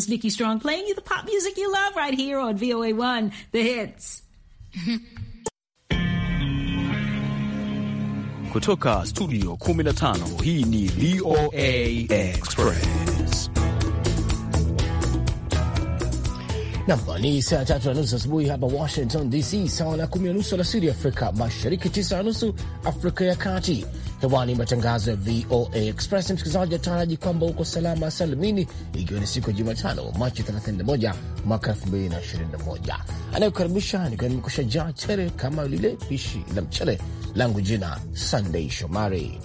It's Vicky Strong playing you the pop music you love right here on VOA1, the hits. Kutoka studio 15 hii ni VOA Express. Namba ni saa tatu na nusu asubuhi hapa Washington DC, sawa na kumi na nusu alasiri Afrika Mashariki, tisa na nusu Afrika ya Kati. hewani matangazo ya VOA Express. Msikilizaji ataraji kwamba uko salama salimini, ikiwa ni siku ya Jumatano Machi 31 mwaka 2021. Anayekukaribisha ni mkusha jaa chere kama lile pishi la mchele langu, jina Sandei Shomari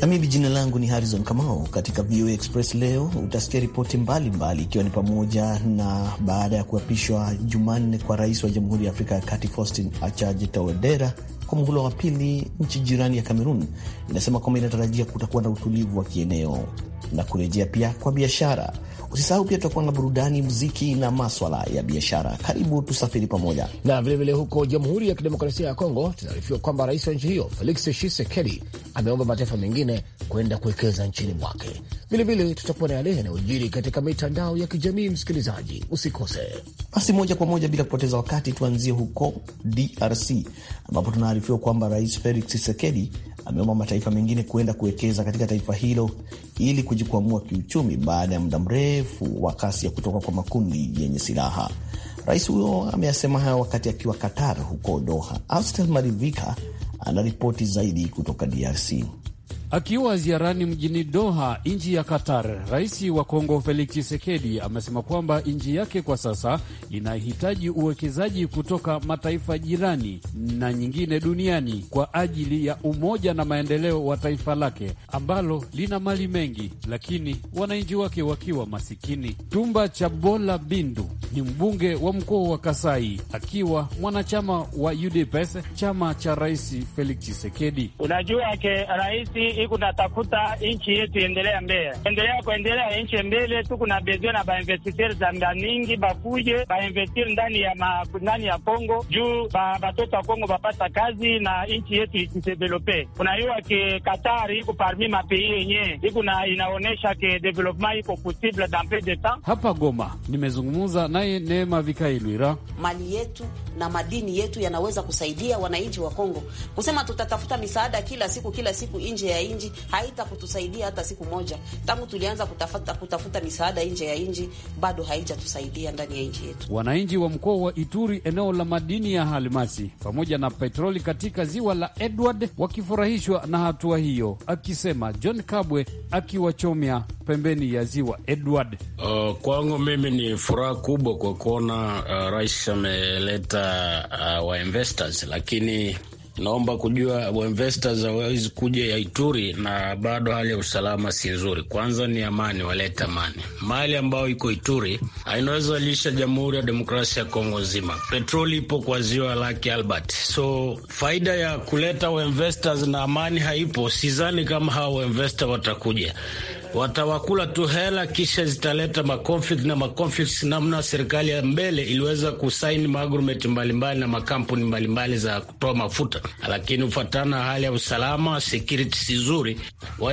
na mimi jina langu ni Harrison Kamau. Katika VOA Express leo utasikia ripoti mbalimbali, ikiwa ni pamoja na baada ya kuapishwa Jumanne kwa rais wa Jamhuri ya Afrika ya Kati Faustin achaje Touadera kwa muhula wa pili, nchi jirani ya Kamerun inasema kwamba inatarajia kutakuwa na utulivu wa kieneo na kurejea pia kwa biashara. Usisahau pia tutakuwa na burudani, muziki na maswala ya biashara. Karibu tusafiri pamoja na vilevile. Huko Jamhuri ya Kidemokrasia ya Kongo tunaarifiwa kwamba rais wa nchi hiyo Felix Tshisekedi ameomba mataifa mengine kwenda kuwekeza nchini mwake. Vilevile tutakuwa na yale yanayojiri katika mitandao ya kijamii. Msikilizaji, usikose. Basi moja kwa moja bila kupoteza wakati, tuanzie huko DRC ambapo tunaarifiwa kwamba Rais Felix Tshisekedi ameomba mataifa mengine kuenda kuwekeza katika taifa hilo ili kujikwamua kiuchumi baada ya muda mrefu wa kasi ya kutoka kwa makundi yenye silaha. Rais huyo ameyasema hayo wakati akiwa Qatar, huko Doha. Austel Marivika anaripoti zaidi kutoka DRC. Akiwa ziarani mjini Doha, nchi ya Qatar, rais wa Kongo Felix Tshisekedi amesema kwamba nchi yake kwa sasa inahitaji uwekezaji kutoka mataifa jirani na nyingine duniani kwa ajili ya umoja na maendeleo wa taifa lake ambalo lina mali mengi, lakini wananchi wake wakiwa masikini. Tumba cha Bola Bindu ni mbunge wa mkoa wa Kasai, akiwa mwanachama wa UDPS, chama cha rais Felix Tshisekedi. Unajua ke raisi iku natafuta nchi yetu endelea mbele, endelea kuendelea nchi mbele. Tuku na bezio na bainvestiteri za mda mingi bakuje bainvestiri ndani ya ma, ndani ya Kongo juu batoto wa Kongo bapata kazi na nchi yetu isidevelope. Unayua ke Katari iku parmi mapei yenye iku na inaonesha ke development iko possible dans peu de temps. Hapa Goma nimezungumza naye Neema Vikailwira. Mali yetu na madini yetu yanaweza kusaidia wananchi wa Kongo kusema tutatafuta misaada kila siku kila siku nje ya haita kutusaidia hata siku moja. Tangu tulianza kutafuta, kutafuta misaada nje ya nchi bado haijatusaidia ndani ya nchi yetu. Wananchi wa mkoa wa Ituri, eneo la madini ya halmasi pamoja na petroli katika ziwa la Edward wakifurahishwa na hatua hiyo, akisema John Kabwe akiwachomia pembeni ya ziwa Edward. Uh, kwangu mimi ni furaha kubwa kwa kuona uh, rais ameleta uh, wa investors lakini Naomba kujua wainvestors awezi kuja ya Ituri na bado hali ya usalama si nzuri. Kwanza ni amani, walete amani mali ambayo iko Ituri inaweza lisha Jamhuri ya Demokrasia ya Kongo nzima. Petroli ipo kwa ziwa lake Albert, so faida ya kuleta wainvestors na amani haipo. Sizani kama hawa wainvesta watakuja watawakula tu hela, kisha zitaleta makonflikt na makonflikt, namna serikali ya mbele iliweza kusaini maagreement mbalimbali na makampuni mbalimbali za kutoa mafuta, lakini hufuatana na hali ya usalama security si zuri, wa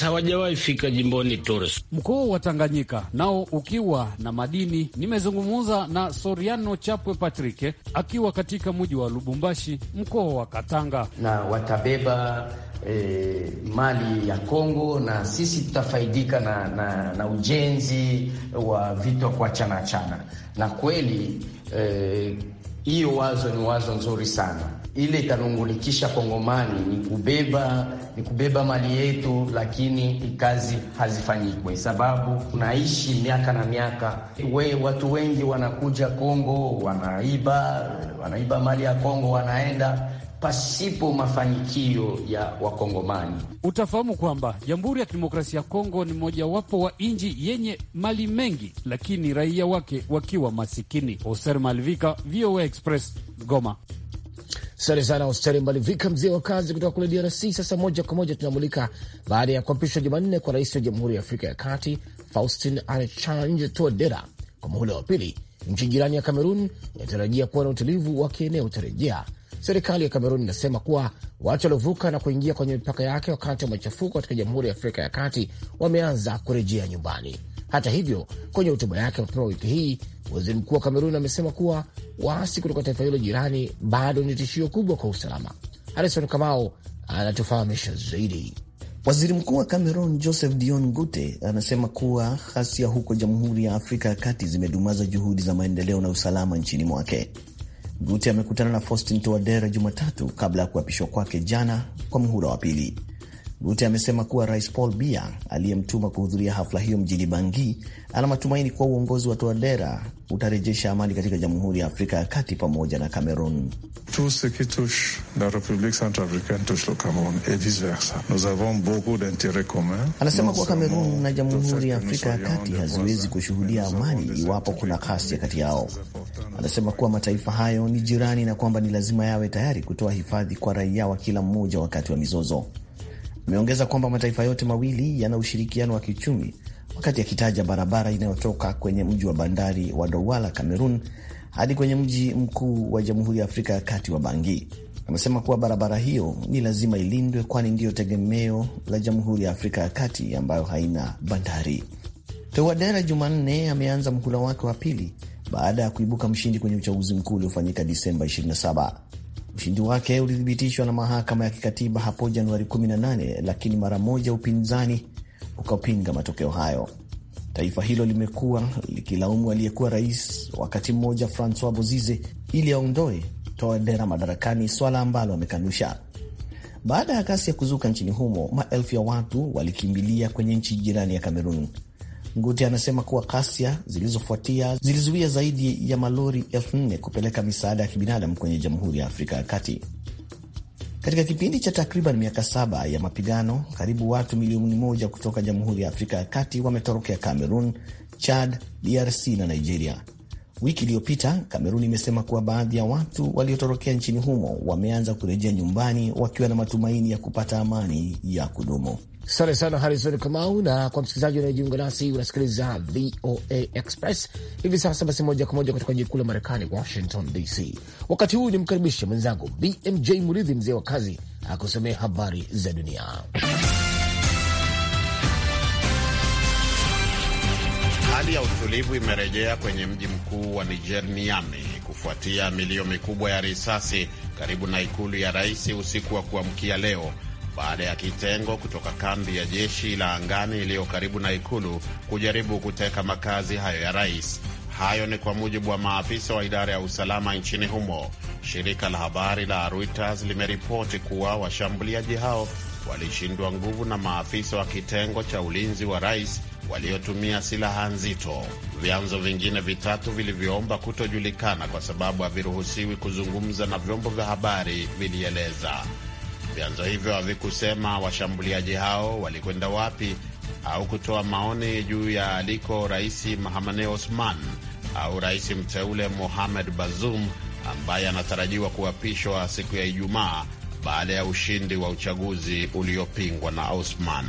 hawajawahi fika jimboni Torres. Mkoa wa Tanganyika nao ukiwa na madini, nimezungumza na Soriano Chapwe Patrike akiwa katika mji wa Lubumbashi, mkoa wa Katanga, na watabeba E, mali ya Kongo na sisi tutafaidika na, na, na ujenzi wa vitu vya kuachana chana na kweli. E, hiyo e, wazo ni wazo nzuri sana, ile itanungulikisha Kongomani ni kubeba ni kubeba mali yetu, lakini kazi hazifanyikwe sababu tunaishi miaka na miaka. We, watu wengi wanakuja Kongo wanaiba wanaiba mali ya Kongo wanaenda pasipo mafanikio ya Wakongomani. Utafahamu kwamba Jamhuri ya Kidemokrasia ya Kongo ni mojawapo wa nchi yenye mali mengi, lakini raia wake wakiwa masikini. Hoser Malivika, VOA Express, Goma. Asante sana Hosteri Malivika, mzee wa kazi kutoka kule DRC. Sasa moja kwa moja tunamulika baada ya kuapishwa Jumanne kwa rais wa Jamhuri ya Afrika ya Kati Faustin Archange Touadera kwa muhula wa pili, nchi jirani ya Kamerun inatarajia kuwa na utulivu wa kieneo utarejea Serikali ya Kamerun inasema kuwa watu waliovuka na kuingia kwenye mipaka yake wakati wa machafuko katika Jamhuri ya Afrika ya Kati wameanza kurejea nyumbani. Hata hivyo, kwenye hotuba yake mapema wiki hii, waziri mkuu wa Kamerun amesema kuwa waasi kutoka taifa hilo jirani bado ni tishio kubwa kwa usalama. Harison Kamao anatufahamisha zaidi. Waziri mkuu wa Cameron Joseph Dion Gute anasema kuwa ghasia huko Jamhuri ya Afrika ya Kati zimedumaza juhudi za maendeleo na usalama nchini mwake. Gute amekutana na Faustin Towadera Jumatatu kabla ya kuapishwa kwake jana kwa mhula wa pili. Gute amesema kuwa Rais Paul Biya aliyemtuma kuhudhuria hafla hiyo mjini Bangi ana matumaini kuwa uongozi wa Toadera utarejesha amani katika Jamhuri ya Afrika ya Kati pamoja na Cameron. Anasema kuwa Cameron na Jamhuri ya Afrika ya Kati haziwezi kushuhudia amani iwapo kuna ghasia kati yao. Anasema kuwa mataifa hayo ni jirani na kwamba ni lazima yawe tayari kutoa hifadhi kwa raia wa kila mmoja wakati wa mizozo. Ameongeza kwamba mataifa yote mawili yana ushirikiano wa kiuchumi, wakati akitaja barabara inayotoka kwenye mji wa bandari wa Douala, Cameroon, hadi kwenye mji mkuu wa Jamhuri ya Afrika ya Kati wa Bangi. Amesema kuwa barabara hiyo ni lazima ilindwe, kwani ndiyo tegemeo la Jamhuri ya Afrika ya Kati ambayo haina bandari. Tewadera Jumanne ameanza mhula wake wa pili baada ya kuibuka mshindi kwenye uchaguzi mkuu uliofanyika Disemba 27. Ushindi wake ulithibitishwa na mahakama ya kikatiba hapo Januari 18, lakini mara moja upinzani ukapinga matokeo hayo. Taifa hilo limekuwa likilaumu aliyekuwa rais wakati mmoja Francois Bozize ili aondoe toadera madarakani, swala ambalo amekanusha. Baada ya kasi ya kuzuka nchini humo, maelfu ya watu walikimbilia kwenye nchi jirani ya Kamerun nguti anasema kuwa ghasia zilizofuatia zilizuia zaidi ya malori elfu nne kupeleka misaada ya kibinadamu kwenye Jamhuri ya Afrika ya Kati. Katika kipindi cha takriban miaka saba ya mapigano, karibu watu milioni moja kutoka Jamhuri ya Afrika ya Kati wametorokea Cameroon, Chad, DRC na Nigeria. Wiki iliyopita Kamerun imesema kuwa baadhi ya watu waliotorokea nchini humo wameanza kurejea nyumbani wakiwa na matumaini ya kupata amani ya kudumu. Asante sana Harison Kamau. Na kwa msikilizaji unayejiunga nasi, unasikiliza VOA Express hivi sasa. Basi moja kwa moja kutoka jiji kuu la Marekani, Washington DC. Wakati huu ni mkaribishe mwenzangu BMJ Muridhi, mzee wa kazi, akusomea habari za dunia. Hali ya utulivu imerejea kwenye mji mkuu wa Niger, Niamey, kufuatia milio mikubwa ya risasi karibu na ikulu ya rais usiku wa kuamkia leo baada ya kitengo kutoka kambi ya jeshi la angani iliyo karibu na ikulu kujaribu kuteka makazi hayo ya rais. Hayo ni kwa mujibu wa maafisa wa idara ya usalama nchini humo. Shirika la habari la Reuters limeripoti kuwa washambuliaji hao walishindwa nguvu na maafisa wa kitengo cha ulinzi wa rais waliotumia silaha nzito. Vyanzo vingine vitatu vilivyoomba kutojulikana kwa sababu haviruhusiwi kuzungumza na vyombo vya habari vilieleza. Vyanzo hivyo havikusema washambuliaji hao walikwenda wapi au kutoa maoni juu ya aliko Rais Mahamane Osman au rais mteule Mohamed Bazoum ambaye anatarajiwa kuapishwa siku ya Ijumaa baada ya ushindi wa uchaguzi uliopingwa na Osman.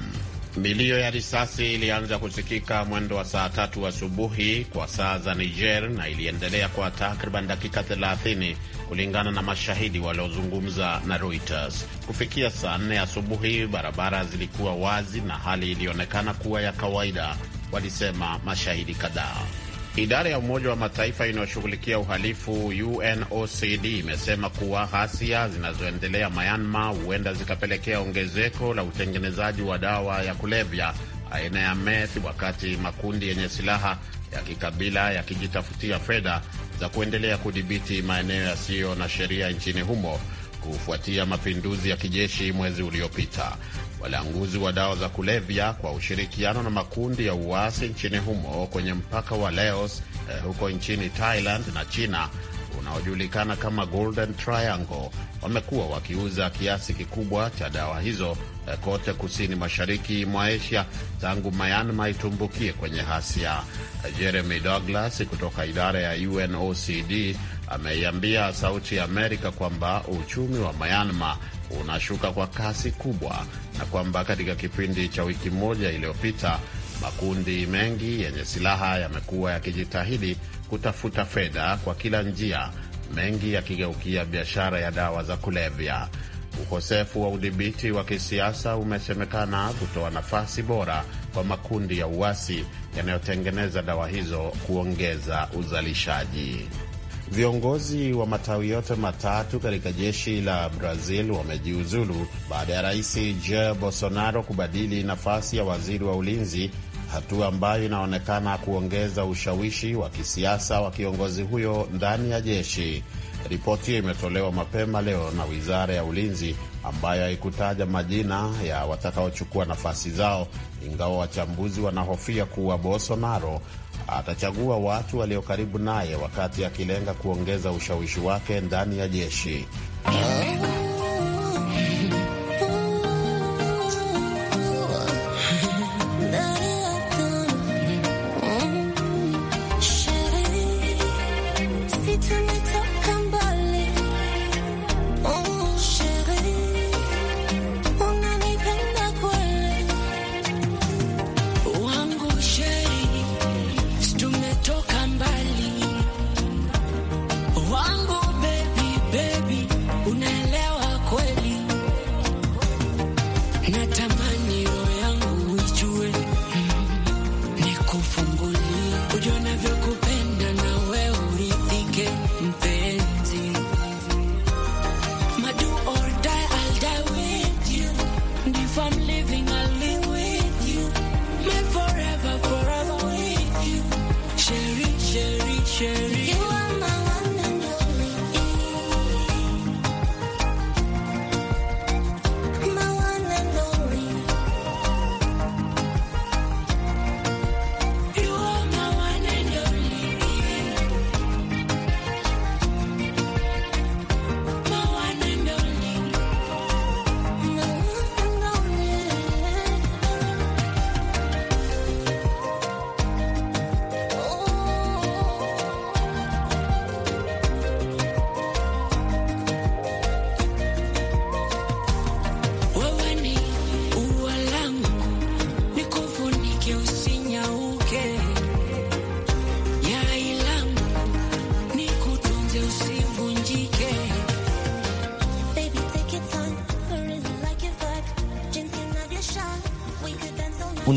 Milio ya risasi ilianza kusikika mwendo wa saa tatu asubuhi kwa saa za Niger na iliendelea kwa takriban dakika 30 kulingana na mashahidi waliozungumza na Reuters. Kufikia saa nne asubuhi, barabara zilikuwa wazi na hali ilionekana kuwa ya kawaida, walisema mashahidi kadhaa. Idara ya Umoja wa Mataifa inayoshughulikia uhalifu UNOCD imesema kuwa ghasia zinazoendelea Myanmar huenda zikapelekea ongezeko la utengenezaji wa dawa ya kulevya aina ya meth, wakati makundi yenye silaha ya kikabila yakijitafutia fedha za kuendelea kudhibiti maeneo yasiyo na sheria nchini humo kufuatia mapinduzi ya kijeshi mwezi uliopita walanguzi wa dawa za kulevya kwa ushirikiano na makundi ya uasi nchini humo kwenye mpaka wa Laos eh, huko nchini Thailand na China unaojulikana kama Golden Triangle wamekuwa wakiuza kiasi kikubwa cha dawa hizo eh, kote kusini mashariki mwa Asia tangu Myanmar itumbukie kwenye hasia. Eh, Jeremy Douglas kutoka idara ya UNOCD ameiambia Sauti ya Amerika kwamba uchumi wa Myanmar unashuka kwa kasi kubwa na kwamba katika kipindi cha wiki moja iliyopita makundi mengi yenye silaha yamekuwa yakijitahidi kutafuta fedha kwa kila njia, mengi yakigeukia biashara ya dawa za kulevya. Ukosefu wa udhibiti wa kisiasa umesemekana kutoa nafasi bora kwa makundi ya uasi yanayotengeneza dawa hizo kuongeza uzalishaji. Viongozi wa matawi yote matatu katika jeshi la Brazil wamejiuzulu baada ya rais Jair Bolsonaro kubadili nafasi ya waziri wa ulinzi hatua ambayo inaonekana kuongeza ushawishi wa kisiasa wa kiongozi huyo ndani ya jeshi. Ripoti hiyo imetolewa mapema leo na wizara ya ulinzi ambayo haikutaja majina ya watakaochukua nafasi zao, ingawa wachambuzi wanahofia kuwa Bolsonaro atachagua watu walio karibu naye wakati akilenga kuongeza ushawishi wake ndani ya jeshi.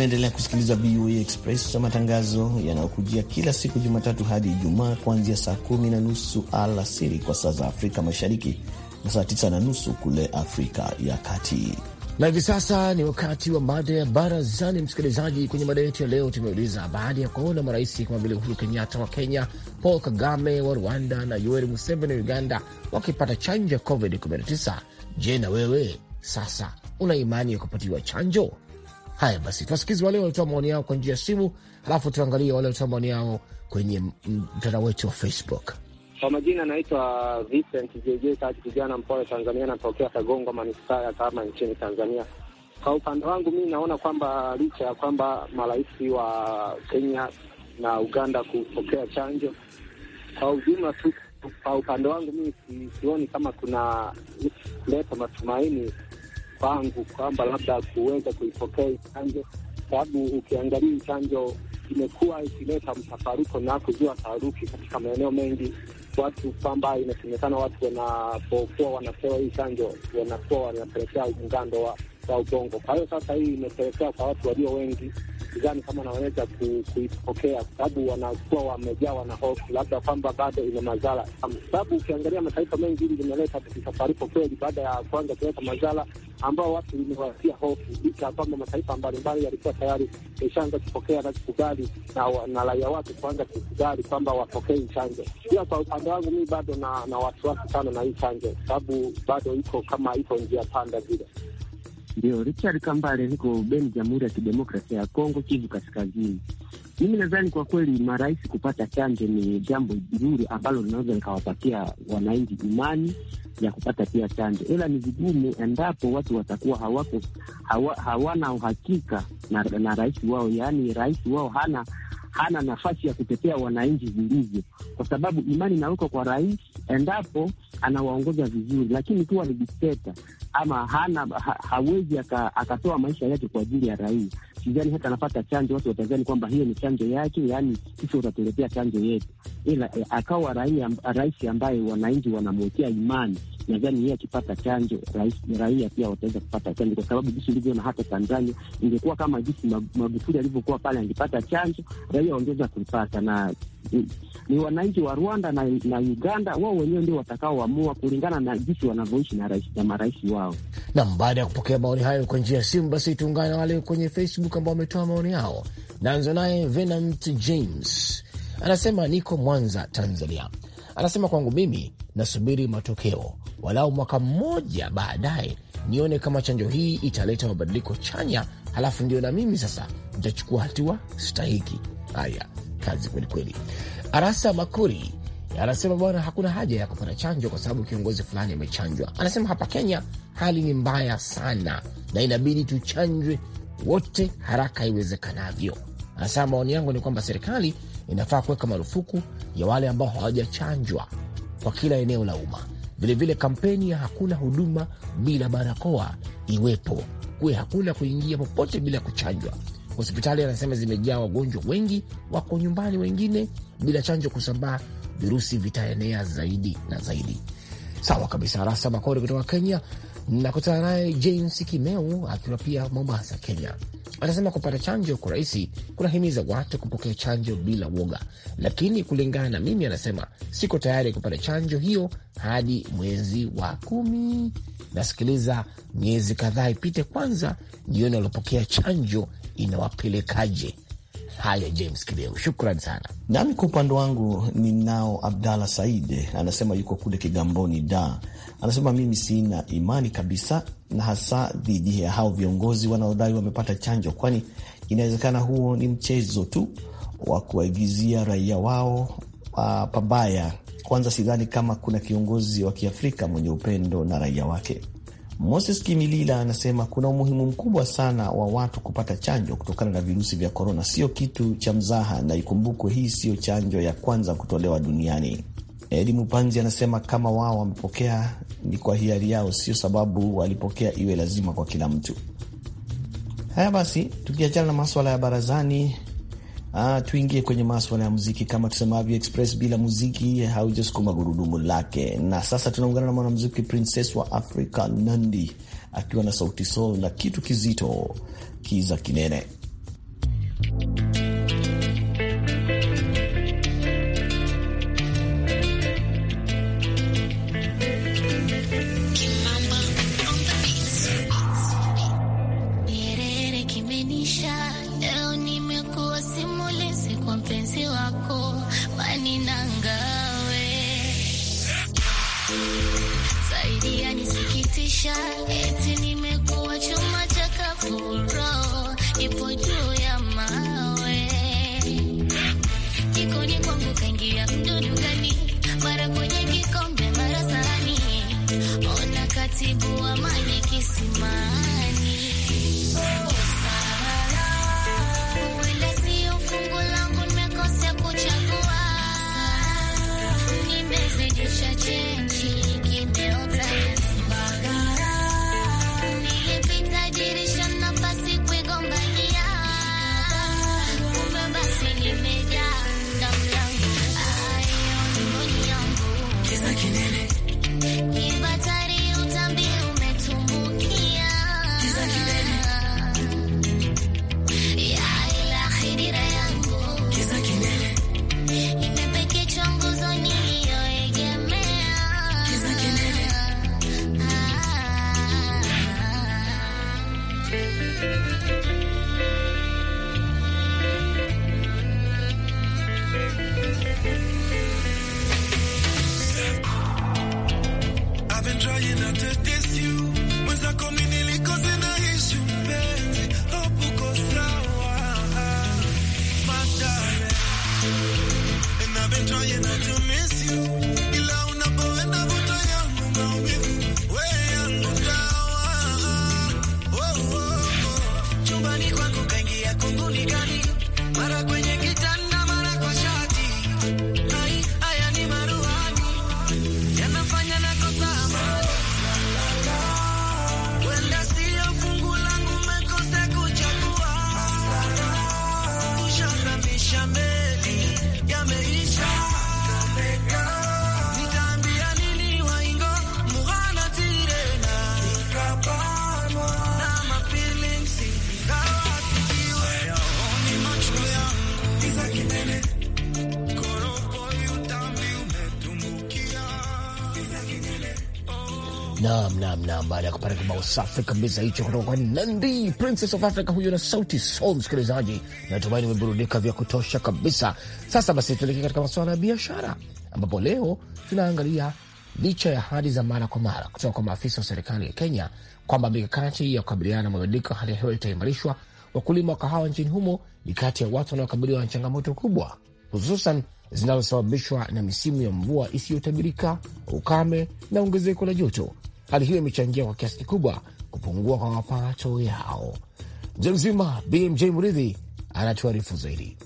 Unaendelea kusikiliza VOA Express, matangazo yanayokujia kila siku Jumatatu hadi Ijumaa kuanzia saa kumi na nusu alasiri kwa saa za Afrika Mashariki na saa tisa na nusu kule Afrika ya Kati. Na hivi sasa ni wakati wa mada ya barazani, msikilizaji. Kwenye mada yetu ya leo tumeuliza, baada ya kuona marais kama vile Uhuru Kenyatta wa Kenya, Paul Kagame wa Rwanda na Yoweri Museveni wa Uganda wakipata chanjo ya COVID-19, je, na wewe sasa una imani ya kupatiwa chanjo? Haya basi, tuwasikizi wale waliotoa maoni yao kwa njia ya simu, halafu tuangalie wale waliotoa maoni yao kwenye mtandao wetu wa Facebook. Kwa majina anaitwa Vincent JJ Kaji, kijana mpole Tanzania, natokea Kagongwa manispaa ya Kahama nchini Tanzania. Kwa upande wangu mi naona kwamba licha ya kwamba marais wa Kenya na Uganda kupokea chanjo kwa ujumla tu, kwa upande wangu mimi sioni kama kuna kuleta matumaini mpango kwamba labda kuweza kuipokea chanjo, sababu ukiangalia chanjo imekuwa ikileta mtafaruko na kuzua taharuki katika maeneo mengi watu kwamba inasemekana watu wanapokuwa wanapewa hii chanjo wanakuwa wanapelekea mgando wa, wa ubongo. Kwa hiyo sasa hii imepelekea kwa watu walio wengi sidhani kama wanaweza kuipokea kwa sababu wanakuwa wamejawa na hofu, labda kwamba bado ina madhara, sababu ukiangalia mataifa mengi hili limeleta taarifa kweli, baada ya kwanza kuleta madhara ambao watu imewatia hofu, licha ya kwamba mataifa mbalimbali yalikuwa tayari yashaanza kupokea na kukubali na raia wake kuanza kukubali kwamba wapokee chanjo. Pia kwa upande wangu mii bado na, na wasiwasi sana na hii chanjo, sababu bado iko kama iko njia panda vile. Ndio, Richard Kambale, niko Beni, Jamhuri ya Kidemokrasia ya Kongo, Kivu Kaskazini. Mimi nadhani kwa kweli marais kupata chanjo ni jambo zuri ambalo linaweza likawapatia wananchi imani ya kupata pia chanjo, ila ni vigumu endapo watu watakuwa hawako hawa, hawana uhakika na, na rais wao, yaani rais wao hana hana nafasi ya kutetea wananchi vilivyo, kwa sababu imani inawekwa kwa rais endapo anawaongoza vizuri, lakini kuwa ni dikteta ama hana ha, hawezi akatoa maisha yake kwa ajili ya raia, sidhani hata anapata chanjo. Watu watazani kwamba hiyo ni chanjo yake, yaani sisi utatuletea chanjo yetu, ila eh, akawa raia, rais ambaye wananchi wanamwekea imani nadhani yeye akipata chanjo raia pia wataweza kupata chanjo, kwa sababu jinsi ilivyoona hata Tanzania, ingekuwa kama jinsi Magufuli alivyokuwa pale, angepata chanjo raia wangeweza kuipata, na ni, wananchi wa Rwanda na, na Uganda wao wenyewe ndio watakaoamua kulingana na jinsi wanavyoishi na, na marais wao. Nam, baada ya kupokea maoni hayo kwa njia ya simu, basi tuungane na wale kwenye Facebook ambao wametoa maoni yao. Naanza naye Venant James anasema niko Mwanza, Tanzania. Anasema kwangu mimi nasubiri matokeo walau mwaka mmoja baadaye nione kama chanjo hii italeta mabadiliko chanya, halafu ndio na mimi sasa nitachukua hatua stahiki. Haya, kazi kwelikweli. Arasa Makuri anasema bwana, hakuna haja ya kupata chanjo kwa sababu kiongozi fulani amechanjwa. Anasema hapa Kenya hali ni mbaya sana na inabidi tuchanjwe wote haraka iwezekanavyo. Anasema maoni yangu ni kwamba serikali inafaa kuweka marufuku ya wale ambao hawajachanjwa kwa kila eneo la umma Vilevile kampeni ya hakuna huduma bila barakoa iwepo, kuwe hakuna kuingia popote bila kuchanjwa. Hospitali anasema zimejaa wagonjwa wengi, wako nyumbani wengine bila chanjo kusambaa, virusi vitaenea zaidi na zaidi. Sawa kabisa. Rasa Makori kutoka Kenya Nakutana naye James Kimeu akiwa pia Mombasa, Kenya. Anasema kupata chanjo kwa rahisi kunahimiza watu kupokea chanjo bila woga, lakini kulingana na mimi, anasema siko tayari kupata chanjo hiyo hadi mwezi wa kumi. Nasikiliza miezi kadhaa ipite kwanza, jioni waliopokea chanjo inawapelekaje? Haya, James Kibeu, shukran sana. Nami kwa upande wangu ninao Abdallah Said, anasema yuko kule Kigamboni da anasema mimi sina imani kabisa na hasa dhidi ya hao viongozi wanaodai wamepata chanjo, kwani inawezekana huo ni mchezo tu wa kuwaigizia raia wao uh, pabaya. Kwanza sidhani kama kuna kiongozi wa Kiafrika mwenye upendo na raia wake. Moses Kimilila anasema kuna umuhimu mkubwa sana wa watu kupata chanjo kutokana na virusi vya korona, sio kitu cha mzaha, na ikumbukwe hii siyo chanjo ya kwanza kutolewa duniani. Edi Mupanzi anasema kama wao wamepokea ni kwa hiari yao, sio sababu walipokea iwe lazima kwa kila mtu. Haya basi, tukiachana na maswala ya barazani Ah, tuingie kwenye maswala ya muziki. Kama tusemavyo, Express bila muziki haujasukuma gurudumu lake. Na sasa tunaungana na mwanamuziki Princess wa Africa Nandi akiwa na sauti soul na kitu kizito kiza kinene Saidia nisikitisha, eti nimekuwa chuma cha kafuro, ipo juu ya mawe, jikoni kwangu kaingia mdudu gani? Mara kwenye kikombe, mara sahani, ona katibu wa amani kisimani Change. Naam, naam, naam, baada ya kupata kibao safi kabisa hicho kutoka kwa Nandi Princess of Africa huyo na Sauti Sol. Msikilizaji, natumaini umeburudika vya kutosha kabisa. Sasa basi, tuelekee katika masuala ya biashara, ambapo leo tunaangalia licha ya ahadi za mara kwa mara kutoka kwa maafisa wa serikali ya Kenya kwamba mikakati ya kukabiliana na mabadiliko ya hali ya hewa itaimarishwa, wakulima wa kahawa nchini humo ni kati ya watu wanaokabiliwa na changamoto kubwa, hususan zinazosababishwa na misimu ya mvua isiyotabirika, ukame na ongezeko la joto Hali hiyo imechangia kwa kiasi kikubwa kupungua kwa mapato yao. mze mzima BMJ mridhi anatuarifu zaidi.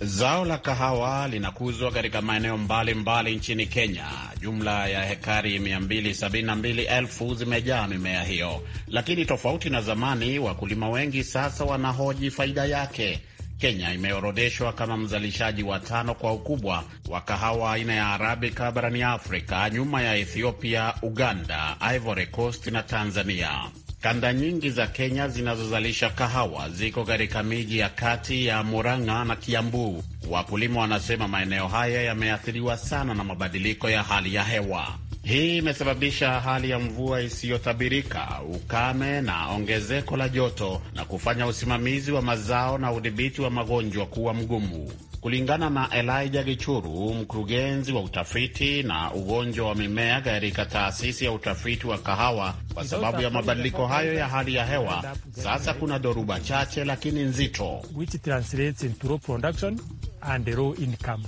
Zao la kahawa linakuzwa katika maeneo mbalimbali nchini Kenya. Jumla ya hekari 272,000 zimejaa mimea hiyo, lakini tofauti na zamani, wakulima wengi sasa wanahoji faida yake. Kenya imeorodheshwa kama mzalishaji wa tano kwa ukubwa wa kahawa aina ya Arabica barani Afrika, nyuma ya Ethiopia, Uganda, Ivory Coast na Tanzania. Kanda nyingi za Kenya zinazozalisha kahawa ziko katika miji ya kati ya Murang'a na Kiambu. Wakulima wanasema maeneo haya yameathiriwa sana na mabadiliko ya hali ya hewa. Hii imesababisha hali ya mvua isiyotabirika, ukame na ongezeko la joto na kufanya usimamizi wa mazao na udhibiti wa magonjwa kuwa mgumu. Kulingana na Elijah Gichuru, mkurugenzi wa utafiti na ugonjwa wa mimea katika taasisi ya utafiti wa kahawa, kwa sababu ya mabadiliko hayo ya hali ya hewa, sasa kuna dhoruba chache lakini nzito, which translates into production and income.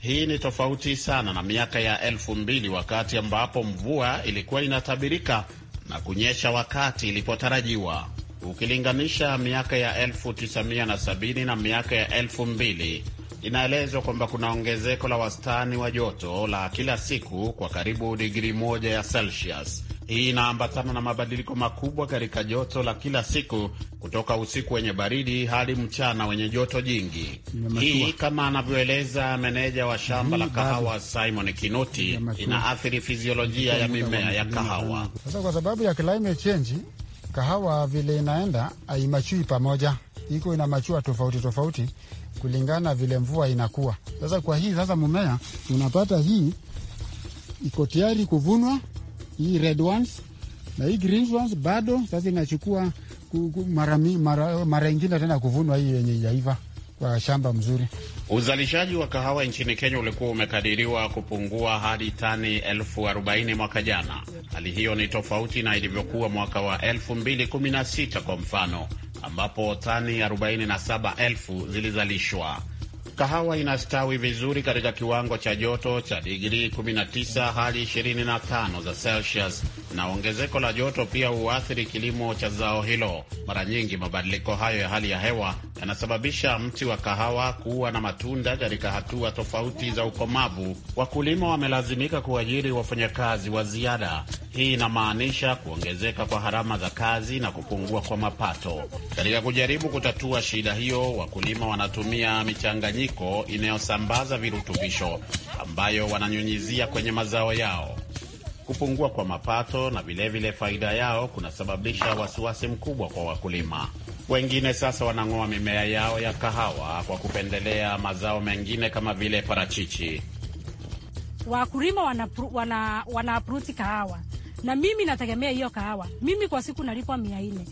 Hii ni tofauti sana na miaka ya elfu mbili wakati ambapo mvua ilikuwa inatabirika na kunyesha wakati ilipotarajiwa. Ukilinganisha miaka ya elfu tisa mia na sabini na miaka ya elfu mbili Inaelezwa kwamba kuna ongezeko la wastani wa joto la kila siku kwa karibu digri moja ya Celsius. Hii inaambatana na mabadiliko makubwa katika joto la kila siku kutoka usiku wenye baridi hadi mchana wenye joto jingi. Hii kama anavyoeleza meneja wa shamba la mm-hmm. kahawa Simon kinuti inaathiri fiziolojia ya mimea ya kahawa. Sasa kwa sababu ya climate change, kahawa vile inaenda haimachui pamoja, iko ina machua tofauti tofauti kulingana vile mvua inakuwa. Sasa kwa hii sasa mmea unapata hii iko tayari kuvunwa, hii red ones na hii green ones bado. Sasa inachukua mara mara, mara ingine tena kuvunwa hii yenye yaiva kwa shamba mzuri. Uzalishaji wa kahawa nchini Kenya ulikuwa umekadiriwa kupungua hadi tani elfu arobaini mwaka jana. Hali hiyo ni tofauti na ilivyokuwa mwaka wa elfu mbili kumi na sita kwa mfano ambapo tani 47,000 zilizalishwa. Kahawa inastawi vizuri katika kiwango cha joto cha digrii 19 hadi 25 za Celsius, na ongezeko la joto pia huathiri kilimo cha zao hilo. Mara nyingi mabadiliko hayo ya hali ya hewa yanasababisha mti wa kahawa kuwa na matunda katika hatua tofauti za ukomavu. Wakulima wamelazimika kuajiri wafanyakazi wa ziada. Hii inamaanisha kuongezeka kwa gharama za kazi na kupungua kwa mapato. Katika kujaribu kutatua shida hiyo, wakulima wanatumia michanganyiko mchanganyiko inayosambaza virutubisho ambayo wananyunyizia kwenye mazao yao. Kupungua kwa mapato na vilevile faida yao kunasababisha wasiwasi mkubwa kwa wakulima. Wengine sasa wanang'oa mimea yao ya kahawa kwa kupendelea mazao mengine kama vile parachichi. Wakulima wanaapruti wana, wana kahawa na mimi nategemea hiyo kahawa. Mimi kwa siku nalipwa mia nne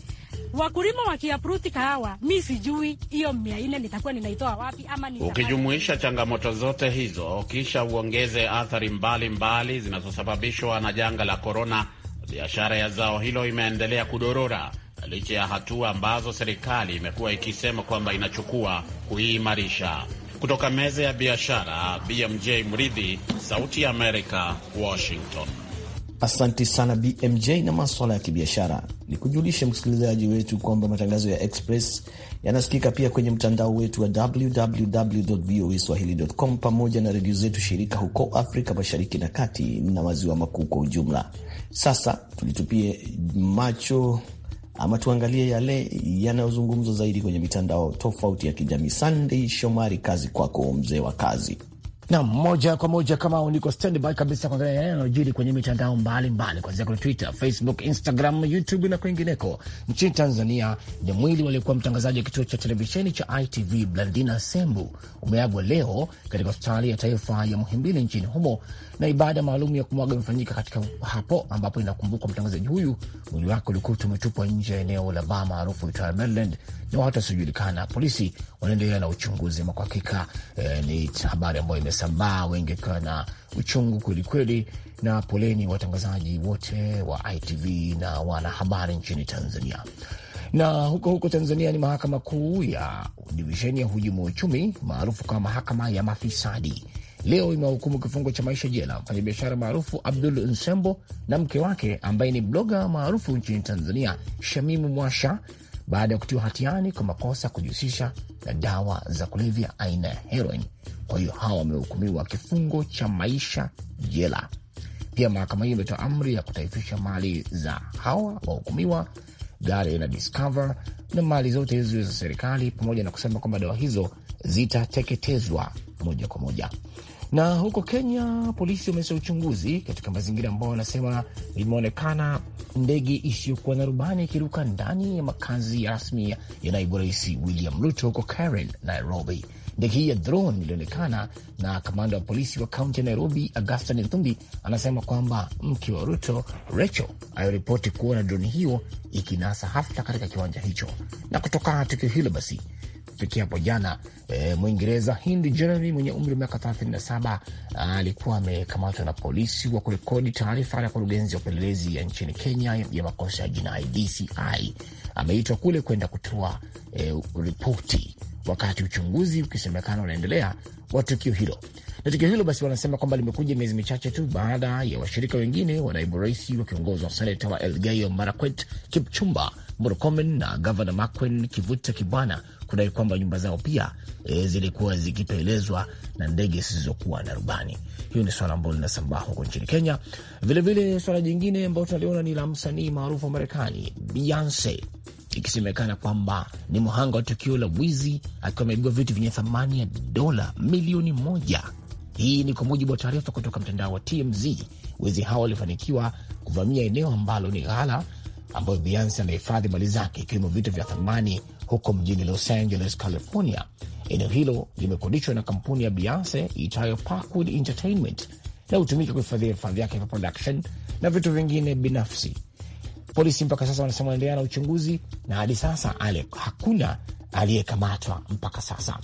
wakulima wakiapruti kahawa, mi sijui hiyo mia nne nitakuwa ninaitoa wapi? Ama ukijumuisha changamoto zote hizo, kisha uongeze athari mbalimbali zinazosababishwa na janga la korona, biashara ya zao hilo imeendelea kudorora licha ya hatua ambazo serikali imekuwa ikisema kwamba inachukua kuiimarisha. Kutoka meza ya biashara, BMJ Mridhi, Sauti ya Amerika, Washington. Asanti sana BMJ na maswala ya kibiashara. Ni kujulishe msikilizaji wetu kwamba matangazo ya Express yanasikika pia kwenye mtandao wetu wa www voa swahili.com pamoja na redio zetu shirika huko Afrika Mashariki na Kati na Maziwa Makuu kwa ujumla. Sasa tulitupie macho ama tuangalie yale yanayozungumzwa zaidi kwenye mitandao tofauti ya kijamii. sandey Shomari, kazi kwako mzee wa kazi na moja kwa moja kama niko standby kabisa kuangalia yale yanayojiri kwenye mitandao mbalimbali, kuanzia kwenye Twitter, Facebook, Instagram, YouTube na kwingineko. Nchini Tanzania, ni mwili waliokuwa mtangazaji wa kituo cha televisheni cha ITV Blandina Sembu umeagwa leo katika hospitali ya taifa ya Muhimbili nchini humo, na ibada maalum ya kumwaga imefanyika katika hapo, ambapo inakumbukwa mtangazaji huyu mwili wake ulikuwa tumetupwa nje ya eneo la baa maarufu itwayo Maryland na watu wasiojulikana. Polisi wanaendelea na uchunguzi. Kwa hakika eh, ni habari ambayo imesa wamesambaa, wengi wakiwa na uchungu kwelikweli. Na poleni watangazaji wote wa ITV na wanahabari nchini Tanzania. Na huko huko Tanzania ni mahakama kuu ya divisheni ya hujumu wa uchumi maarufu kama mahakama ya mafisadi leo imewahukumu kifungo cha maisha jela mfanyabiashara maarufu Abdul Nsembo na mke wake ambaye ni bloga maarufu nchini Tanzania, Shamimu Mwasha, baada ya kutiwa hatiani kwa makosa kujihusisha na dawa za kulevya aina ya heroin kwa hiyo hawa wamehukumiwa kifungo cha maisha jela. Pia mahakama hiyo imetoa amri ya kutaifisha mali za hawa wahukumiwa, gari na Discover na mali zote hizo za serikali, pamoja na kusema kwamba dawa hizo zitateketezwa moja kwa moja. Na huko Kenya, polisi wameanza uchunguzi katika mazingira ambayo wanasema limeonekana ndege isiyokuwa na rubani ikiruka ndani ya makazi rasmi ya naibu rais William Ruto huko Karen, Nairobi. Ndege hii ya drone ilionekana na kamanda wa polisi wa kaunti ya Nairobi, Augustin Nthumbi, anasema kwamba mke wa Ruto, Rachel, ayoripoti kuona droni hiyo ikinasa hafla katika kiwanja hicho. Na kutokana na tukio hilo basi kufikia hapo jana e, Mwingereza Hindi Jeremy mwenye umri wa miaka 37 ah, alikuwa amekamatwa na polisi wa kurekodi taarifa ya kurugenzi ya upelelezi ya nchini Kenya ya makosa ya jinai DCI. Ameitwa kule kwenda kutoa e, ripoti wakati uchunguzi ukisemekana unaendelea wa tukio hilo. Na tukio hilo basi, wanasema kwamba limekuja miezi michache tu baada ya washirika wengine wa naibu rais wakiongozwa seneta wa Elgeyo Marakwet, Kipchumba Murkomen na gavana Macken Kivuta Kibwana kudai kwamba nyumba zao pia e, zilikuwa zikipelezwa na ndege zisizokuwa na rubani. Hiyo ni swala ambalo linasambaa huko nchini Kenya. Vilevile swala jingine ambayo tunaliona ni la msanii maarufu wa Marekani Beyonce ikisemekana kwamba ni mhanga wa tukio la wizi akiwa ameibua vitu vyenye thamani ya dola milioni moja. Hii ni kwa mujibu wa taarifa kutoka mtandao wa TMZ. Wezi hawa walifanikiwa kuvamia eneo ambalo ni ghala ambayo Beyonce anahifadhi mali zake ikiwemo vitu vya thamani huko mjini Los Angeles, California. Eneo hilo limekodishwa na kampuni ya Beyonce itayo Parkwood Entertainment na hutumika kuhifadhia vifaa vyake vya production na vitu vingine binafsi. Polisi mpaka sasa wanasema wanaendelea na uchunguzi, na hadi sasa ale, hakuna aliyekamatwa mpaka sasa.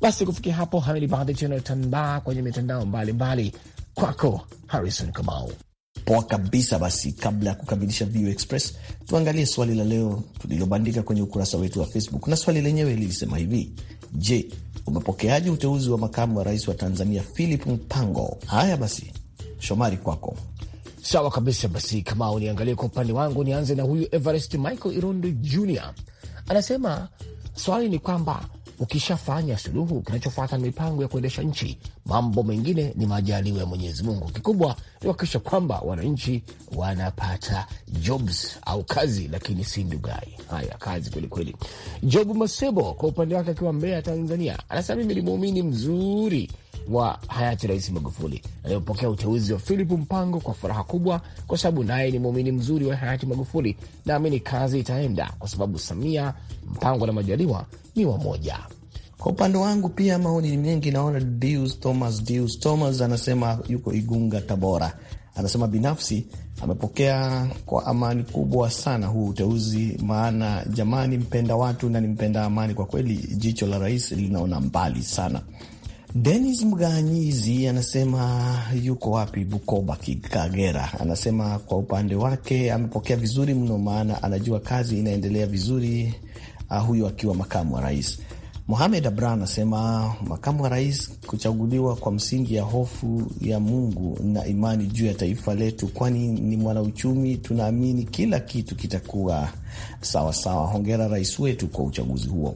Basi kufikia hapo, hayo ni baadhi tu yanayotambaa kwenye mitandao mbalimbali. Kwako Harrison Kamau. Poa kabisa. Basi kabla ya kukamilisha VOA Express, tuangalie swali la leo tulilobandika kwenye ukurasa wetu wa Facebook, na swali lenyewe lilisema hivi: Je, umepokeaje uteuzi wa makamu wa rais wa Tanzania Philip Mpango? Haya basi, Shomari, kwako. Sawa kabisa. Basi kama uniangalie kwa upande wangu, nianze na huyu Everest Michael Irondo Jr. Anasema swali ni kwamba ukishafanya suluhu, kinachofuata mipango ya kuendesha nchi. Mambo mengine ni majaliwa ya Mwenyezi Mungu. Kikubwa ni kuhakikisha kwamba wananchi wanapata jobs au kazi, lakini si ndugai. Haya, kazi kwelikweli. Job Masebo kwa upande wake akiwa Mbeya, Tanzania, anasema mimi ni muumini mzuri wa hayati Rais Magufuli aliyopokea uteuzi wa Philip Mpango kwa furaha kubwa, kwa sababu naye ni muumini mzuri wa hayati Magufuli. Naamini kazi itaenda kwa sababu Samia, Mpango na Majaliwa ni wamoja. Kwa upande wangu pia maoni ni mengi. Naona Deus Thomas, Deus Thomas anasema yuko Igunga, Tabora. Anasema binafsi amepokea kwa amani kubwa sana huu uteuzi, maana jamani, mpenda watu na ni mpenda amani. Kwa kweli jicho la rais linaona mbali sana. Denis Mganyizi anasema yuko wapi? Bukoba, Kagera. Anasema kwa upande wake amepokea vizuri mno, maana anajua kazi inaendelea vizuri. Uh, akiwa makamu wa rais. Mohamed Abra anasema makamu wa rais kuchaguliwa kwa msingi ya hofu ya Mungu na imani juu ya taifa letu, kwani ni mwanauchumi. Tunaamini kila kitu kitakuwa sawasawa. Hongera rais wetu kwa uchaguzi huo.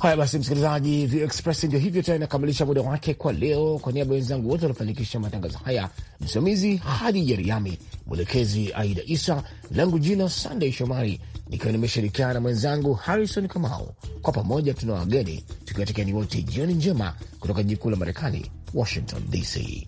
Haya basi, msikilizaji, Vio Express ndio hivyo tena, inakamilisha muda wake kwa leo. Kwa niaba ya wenzangu wote waliofanikisha matangazo haya, msimamizi hadi Jeriami, mwelekezi Aida Isa, langu jina Sandey Shomari, nikiwa nimeshirikiana na mwenzangu Harrison Kamau. Kwa pamoja tuna wageni tukiwatakieni wote jioni njema kutoka jikuu la Marekani, Washington DC.